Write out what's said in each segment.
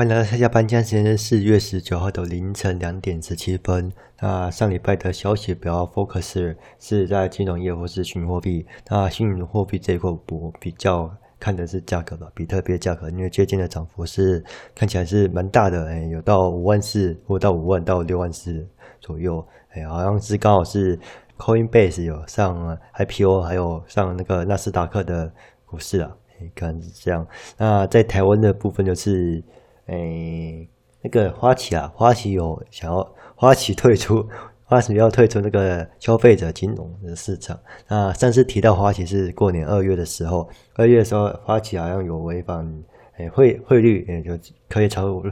歡迎來到下班前。今天時間，是四月十九號的凌晨兩點十七分。那上禮拜的消息比較 focus 是在金融業或是虛擬貨幣。那虛擬貨幣這一塊，我比較看的是價格吧，比特幣價格，因為最近的漲幅是看起來是蠻大的，哎，有到五萬四，或到五萬到六萬四左右，哎，好像是剛好是 Coinbase 有上 IPO，還有上那個納斯達克的股市啊。哎，看是這樣。那在台灣的部分就是。誒、哎，那個花旗啊，花旗有想要花旗退出，花旗要退出那個消費者金融的市場。那上次提到花旗是過年二月的時候，二月的時候花旗好像有違反誒、哎、匯匯率誒、哎，就可以超過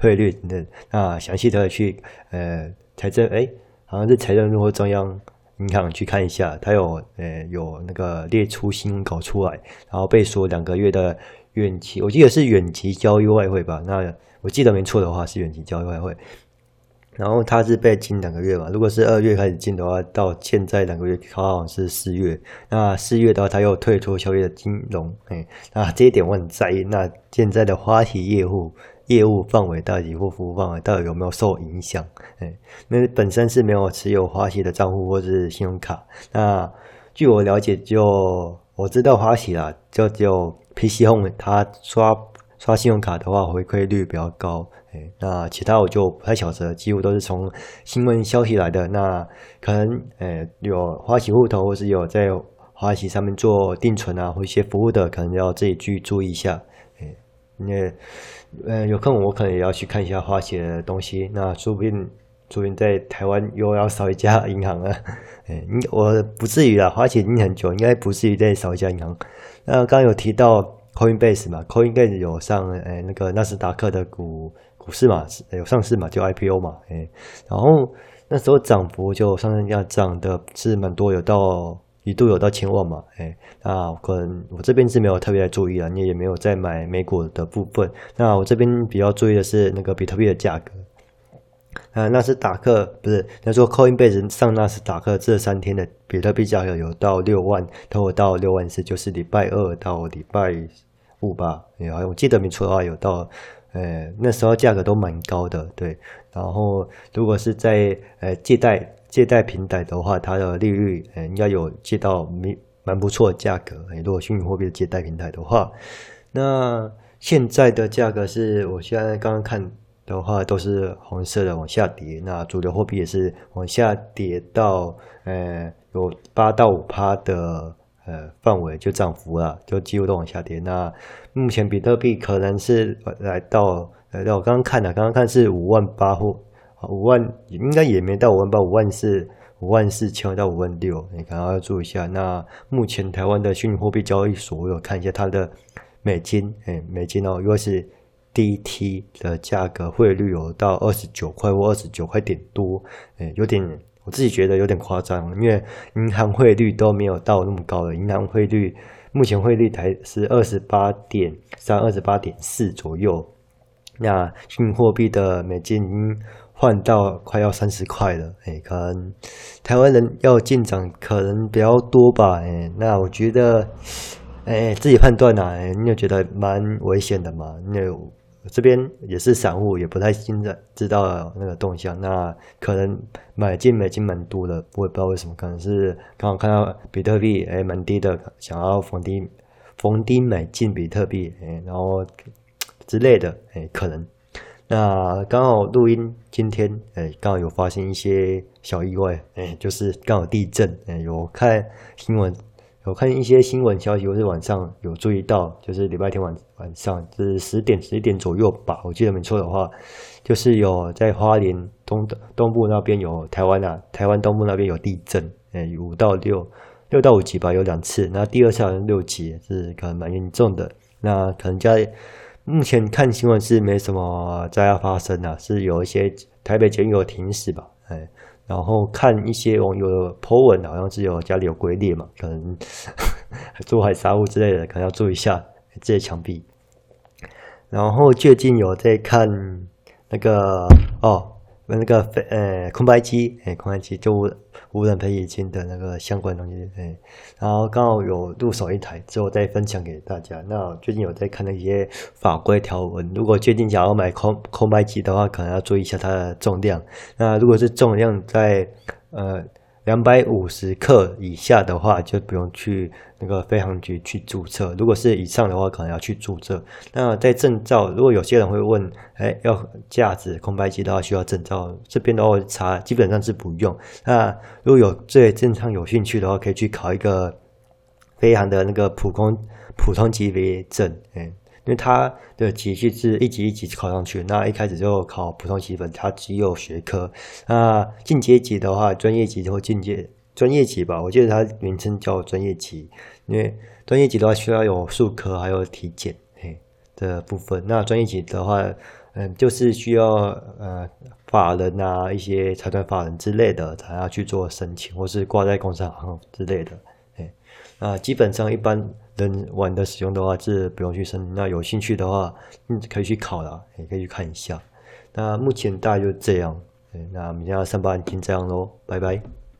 匯率的。那詳細的去誒、呃、財政誒、哎，好像是財政部和中央銀行去看一下，它有誒、哎、有那個列出新聞稿出來，然後被說兩個月的。遠期，我記得是遠期交易外匯吧？那我記得沒錯的話是遠期交易外匯。然後他是被禁兩個月嘛？如果是二月開始禁的話，到現在兩個月剛好是四月。那四月的話，他又退出消金的金融、哎，那這一點我很在意。那現在的花旗業務業務範圍到底或服務範圍到底有沒有受影響？哎、那本身是沒有持有花旗的賬戶或是信用卡。那據我了解就，就我知道花旗啦，就就。PC Home，他刷刷信用卡的話，回饋率比較高。誒、哎，那其他我就不太曉得，幾乎都是從新聞消息來的。那可能，誒、哎，有花旗戶頭或是有在花旗上面做定存啊，或一些服務的，可能要自己去注意一下。誒、哎，那，呃、哎、有空我可能也要去看一下花旗的東西。那說不定。最近在台灣又要少一家銀行了，哎、欸，你我不至於啊，花旗你很久，應該不至於再少一家銀行。那剛剛有提到 Coinbase 嘛，Coinbase 有上誒、欸、那個納斯達克的股股市嘛、欸，有上市嘛，就 IPO 嘛，哎、欸，然後那時候漲幅就上升要漲的是蠻多，有到一度有到千萬嘛，哎、欸，那可能我這邊是沒有特別注意啊，因為也沒有在買美股的部分。那我這邊比較注意的是那個比特幣的價格。呃、啊，納斯達克不是，那時候 Coinbase 上納斯達克這三天的比特幣、價格有到六萬，有到六萬四，就是禮拜二到禮拜五吧。也、啊，我記得沒錯的話，有到，呃、欸，那時候價格都蠻高的。對，然後如果是在呃、欸、借貸借貸平台的話，它的利率嗯應該有借到蠻不錯的價格。哎、欸，如果虛擬貨幣的借貸平台的話，那現在的價格是我現在剛剛看。的話都是紅色的往下跌，那主流貨幣也是往下跌到呃有八到五趴的呃範圍就漲幅了，就幾乎都往下跌。那目前比特幣可能是來到來到我剛剛看的、啊，剛剛看是五萬八或五萬，應該也沒到五萬八，五萬四五萬四千到五萬六，你剛剛要注意一下。那目前台灣的虛擬貨幣交易所，我有看一下它的美金，哎、呃、美金哦，如果是。DT 的價格匯率有到二十九塊或二十九塊點多，欸、有點我自己覺得有點誇張，因為銀行匯率都沒有到那麼高的，銀行匯率目前匯率還是二十八點三、二十八點四左右，那新貨幣的美金已經換到快要三十塊了、欸，可能台灣人要進展可能比較多吧，欸、那我覺得，欸、自己判斷吶、啊欸，你有覺得蠻危險的嘛？你有這邊也是散戶，也不太清楚知道那個動向。那可能買進買進蠻多的，我也不知道為什麼，可能是剛好看到比特幣哎蠻低的，想要逢低逢低買進比特幣哎，然後之類的哎可能。那剛好錄音今天哎剛好有發生一些小意外哎，就是剛好地震哎，有看新聞。我看一些新聞消息，我是晚上有注意到，就是禮拜天晚晚上，就是十點十一點左右吧，我記得沒錯的話，就是有在花蓮東東部那邊有台灣啊，台灣東部那邊有地震，五、欸、到六六到五級吧，有兩次，那第二次好像六級，是可能蠻嚴重的。那可能家目前看新聞是沒什麼災害發生啊，是有一些台北捷運有停駛吧，欸然後看一些網友的 po 文，好像是有家裡有龜裂嘛，可能做海沙屋之類的，可能要注意一下這些牆壁。然後最近有在看那個哦。問那個呃空拍機，欸、空拍機就無,無人飛機的那個相關東西、欸，然後剛好有入手一台，之後再分享給大家。那最近有在看了一些法規條文，如果最近想要買空空拍機的話，可能要注意一下它的重量。那如果是重量在呃。兩百五十克以下的話，就不用去那個飛航局去註冊。如果是以上的話，可能要去註冊。那在證照，如果有些人會問，哎，要駕駛空拍機的話需要證照，這邊的話查基本上是不用。那如果有最正常有興趣的話，可以去考一個飛航的那個普通普通級別證，誒因為他的級序是一級一級考上去，那一開始就考普通級本，它只有學科。那進階級的話，專業級或進階專業級吧，我記得它名稱叫專業級。因為專業級的話需要有術科，還有體檢，嘿，的部分。那專業級的話，嗯，就是需要呃法人啊，一些財團法人之類的，才要去做申請，或是掛在公司行號之類的。哎，啊，基本上一般。能玩的使用的話，是不用去申。那有興趣的話，你、嗯、可以去考了，也可以去看一下。那目前大概就這樣。那明天要上班先這樣嘍，拜拜。